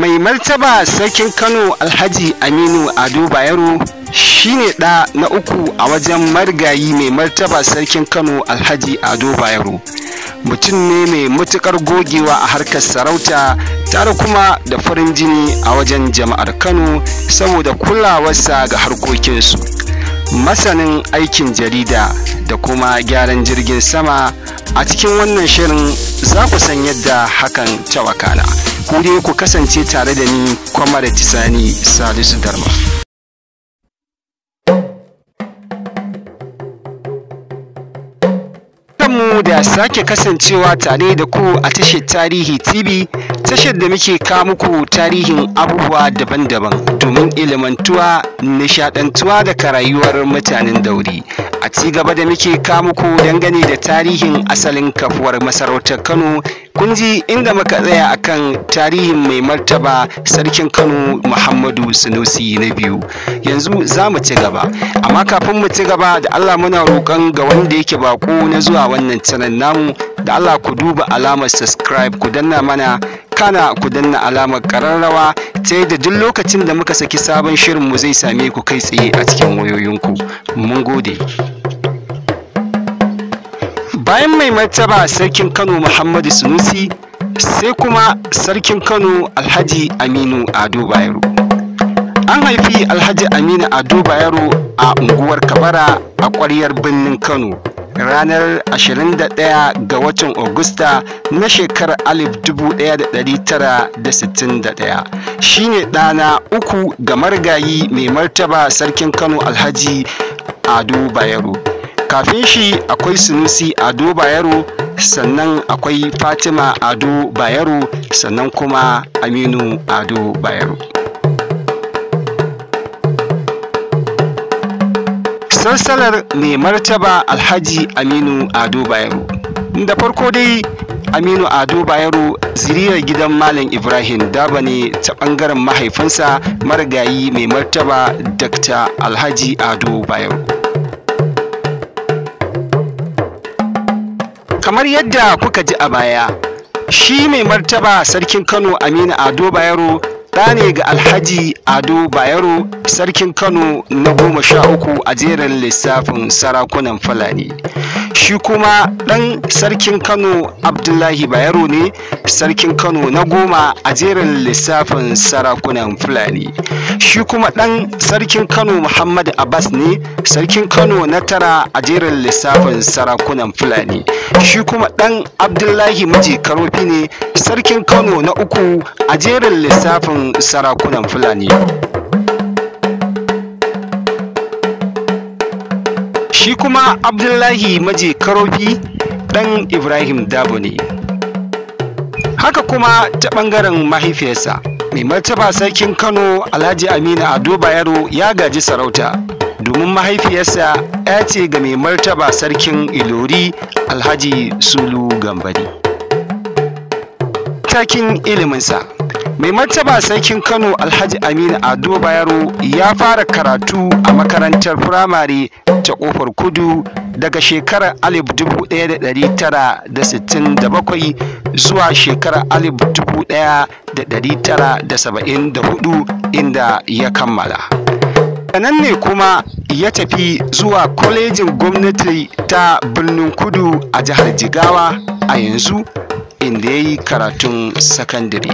mai martaba sarkin kano alhaji aminu ado bayero shine ɗa na uku a wajen marigayi mai martaba sarkin kano alhaji ado bayero mutum ne mai matukar gogewa a harkar sarauta tare kuma da farin jini a wajen jama'ar kano saboda kulawarsa ga harkokinsu masanin aikin jarida da kuma gyaran jirgin sama a cikin wannan shirin za ku san yadda hakan ta wakana ku dai ku kasance tare da ni kwamar tisani salisu darma mu da sake kasancewa tare da ku a tashar tarihi tv tashar da muke kawo muku tarihin abubuwa daban-daban domin ilimantuwa nishadantuwa da karayuwar mutanen dauri a ci gaba da muke kamuku dangane da tarihin asalin kafuwar masarautar kano kun ji inda muka tsaya akan tarihin mai martaba sarkin kano muhammadu sunusi na biyu yanzu za mu ci gaba amma kafin mu ci gaba da allah muna roƙon ga wanda yake bako na zuwa wannan canan namu da allah ku duba alamar subscribe ku danna mana kana ku danna alamar ƙararrawa ta da duk lokacin da muka saki sabon shirin mu zai same ku kai tsaye a cikin wayoyinku mun gode bayan mai martaba sarkin kano muhammadu sunusi sai kuma sarkin kano alhaji aminu ado bayero an haifi alhaji aminu ado bayero a unguwar kabara a ƙwaryar birnin kano ranar 21 ga watan Agusta na shekarar 1961 shine ɗana uku ga marigayi mai martaba sarkin Kano Alhaji Ado Bayero. kafin shi akwai sunusi ado bayero sannan akwai fatima ado bayero sannan kuma aminu ado bayero sarsalar mai martaba alhaji aminu ado bayero da farko dai aminu ado bayero ziriyar gidan malam ibrahim daba ne ta bangaren mahaifinsa marigayi mai martaba dr alhaji ado bayero kamar yadda kuka ji a baya shi mai martaba sarkin kano aminu ado bayero ɗa ne ga alhaji ado bayero sarkin kano na goma sha uku a jerin lissafin sarakunan fulani shi kuma ɗan sarkin kano abdullahi bayero ne sarkin kano na goma a jerin lissafin sarakunan fulani shi kuma ɗan sarkin kano muhammad abbas ne sarkin kano na tara a jerin lissafin sarakunan fulani shi kuma ɗan abdullahi maji karofi ne sarkin kano na uku a jerin lissafin irin sarakunan Fulani. Shi kuma Abdullahi Maje Karofi ɗan Ibrahim Dabo ne. Haka kuma ta ɓangaren mahaifiyarsa, mai martaba sarkin Kano Alhaji Aminu Ado Bayero ya gaji sarauta. domin mahaifiyarsa ya ce ga mai martaba sarkin ilori alhaji sulu gambari takin iliminsa mai martaba sarkin kano alhaji aminu ado bayero ya fara karatu a makarantar firamare ta kofar kudu daga shekarar 1967 zuwa shekarar 1974 inda ya kammala nan ne kuma ya tafi zuwa kwalejin gwamnati ta birnin kudu a jihar jigawa a yanzu inda ya yi karatun sakandare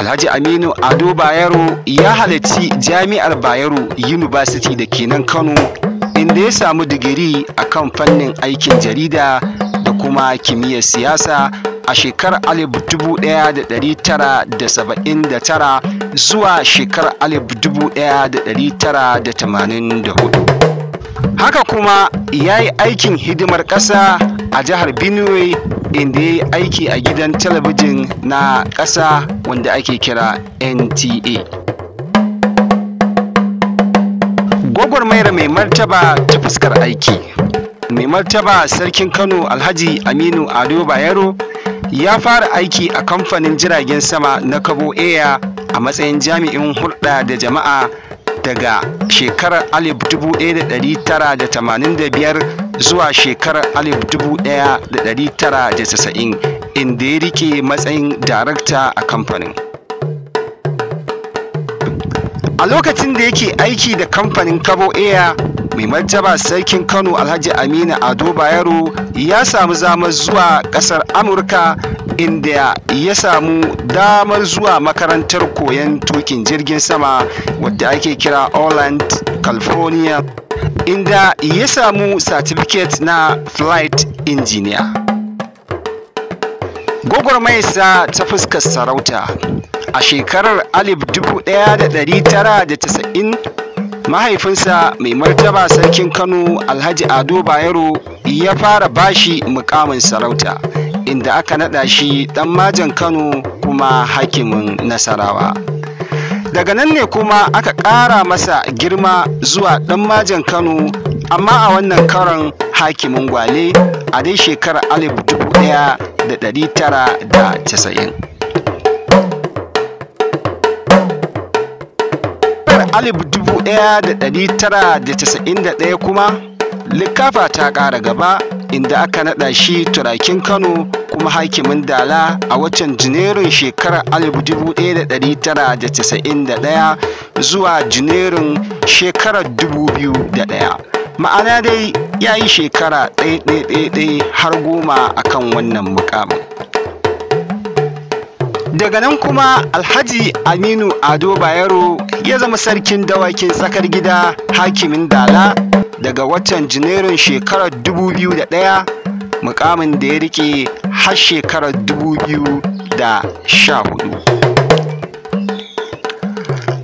Alhaji Aminu Ado Bayero ya halarci Jami'ar Bayero University da ke nan Kano inda ya samu digiri a kan fannin aikin jarida da kuma kimiyyar siyasa a shekarar 1979 zuwa shekarar 1984. Haka kuma ya yi aikin hidimar ƙasa a jihar Benue inda ya yi aiki a gidan talabijin na ƙasa wanda ake kira nta gwagwarmayar mai martaba ta fuskar aiki mai martaba sarkin kano alhaji aminu ado bayero ya fara aiki a kamfanin jiragen sama na kabo air a matsayin jami'in hulɗa da jama'a daga shekarar 1985 zuwa shekarar 1990 inda ya rike matsayin darakta a kamfanin a lokacin da yake aiki da kamfanin kabo air mai martaba sarkin kano alhaji aminu ado bayero ya samu zama zuwa kasar amurka inda ya samu damar zuwa makarantar koyon tukin jirgin sama wadda ake kira Orland, California, inda ya samu certificate na flight engineer. maisa ta fuskar sarauta a shekarar 1990 mahaifinsa mai martaba sarkin Kano Alhaji Ado Bayero ya fara bashi mukamin sarauta. inda aka naɗa shi ɗan majan Kano kuma hakimin Nasarawa. Daga nan ne kuma aka ƙara masa girma zuwa ɗan majan Kano amma a wannan karon hakimin gwale a dai shekarar 1990. alif dubu kuma likafa ta ƙara gaba inda aka naɗa shi turakin Kano kuma hakimin Dala a watan Janairun shekarar 1991 zuwa Janairun shekarar 2001. Ma'ana dai ya yi shekara ɗaya har goma a kan wannan mukamin. Daga nan kuma Alhaji Aminu Ado Bayero ya zama sarkin dawakin tsakar gida hakimin Dala daga watan janairun shekarar 2001 mukamin da ya rike har shekarar 2014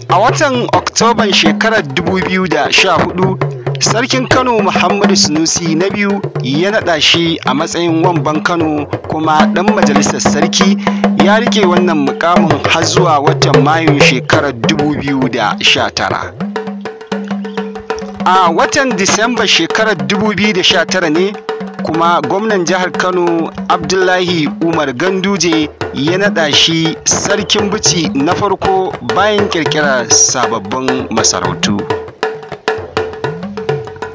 a watan oktoban shekarar 2014 sarkin kano muhammadu sunusi na biyu ya naɗa shi a matsayin wamban kano kuma ɗan majalisar sarki ya rike wannan mukamin har zuwa watan mayun shekarar 2019 a watan disamba shekarar 2019 ne kuma gwamnan jihar kano abdullahi umar ganduje ya naɗa shi sarkin bici na farko bayan kirkirar sababbin masarautu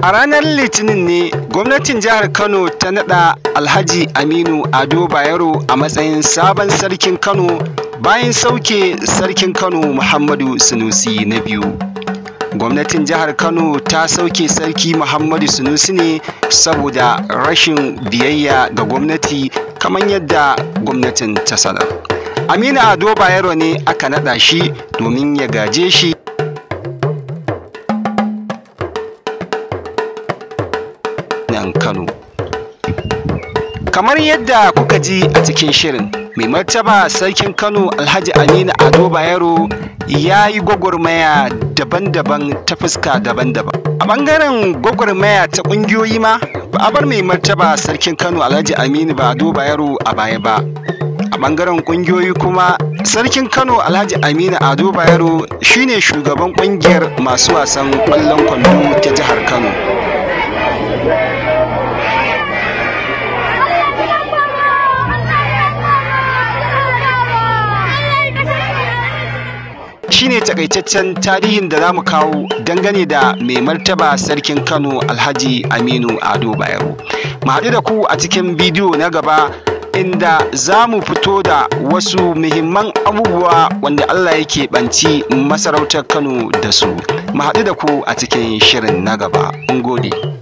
a ranar litinin ne gwamnatin jihar kano ta naɗa alhaji aminu ado bayero a matsayin sabon sarkin kano bayan sauke sarkin kano muhammadu sunusi na biyu gwamnatin jihar kano ta sauke sarki muhammadu sunusi ne saboda rashin biyayya ga gwamnati kamar yadda gwamnatin ta sanar aminu ado bayero ne aka naɗa shi domin ya gaje shi nan kano kamar yadda kuka ji a cikin shirin mai martaba sarkin kano alhaji aminu ado bayero ya yi gwagwarmaya daban-daban ta fuska daban-daban a ɓangaren gwagwarmaya ta ƙungiyoyi ma ba a bar mai martaba sarkin kano alhaji aminu ba duba yaro a baya ba a ɓangaren ƙungiyoyi kuma sarkin kano alhaji aminu ado bayero shine shugaban ƙungiyar masu wasan ƙwallon kwando ta jihar kano shine takaitaccen tarihin da za mu kawo dangane da mai martaba sarkin Kano Alhaji Aminu Ado Bayero. Mu haɗu da ku a cikin bidiyo na gaba inda za mu fito da wasu muhimman abubuwa wanda Allah yake ɓanci masarautar Kano da su. Mu haɗu da ku a cikin shirin na gaba. Mun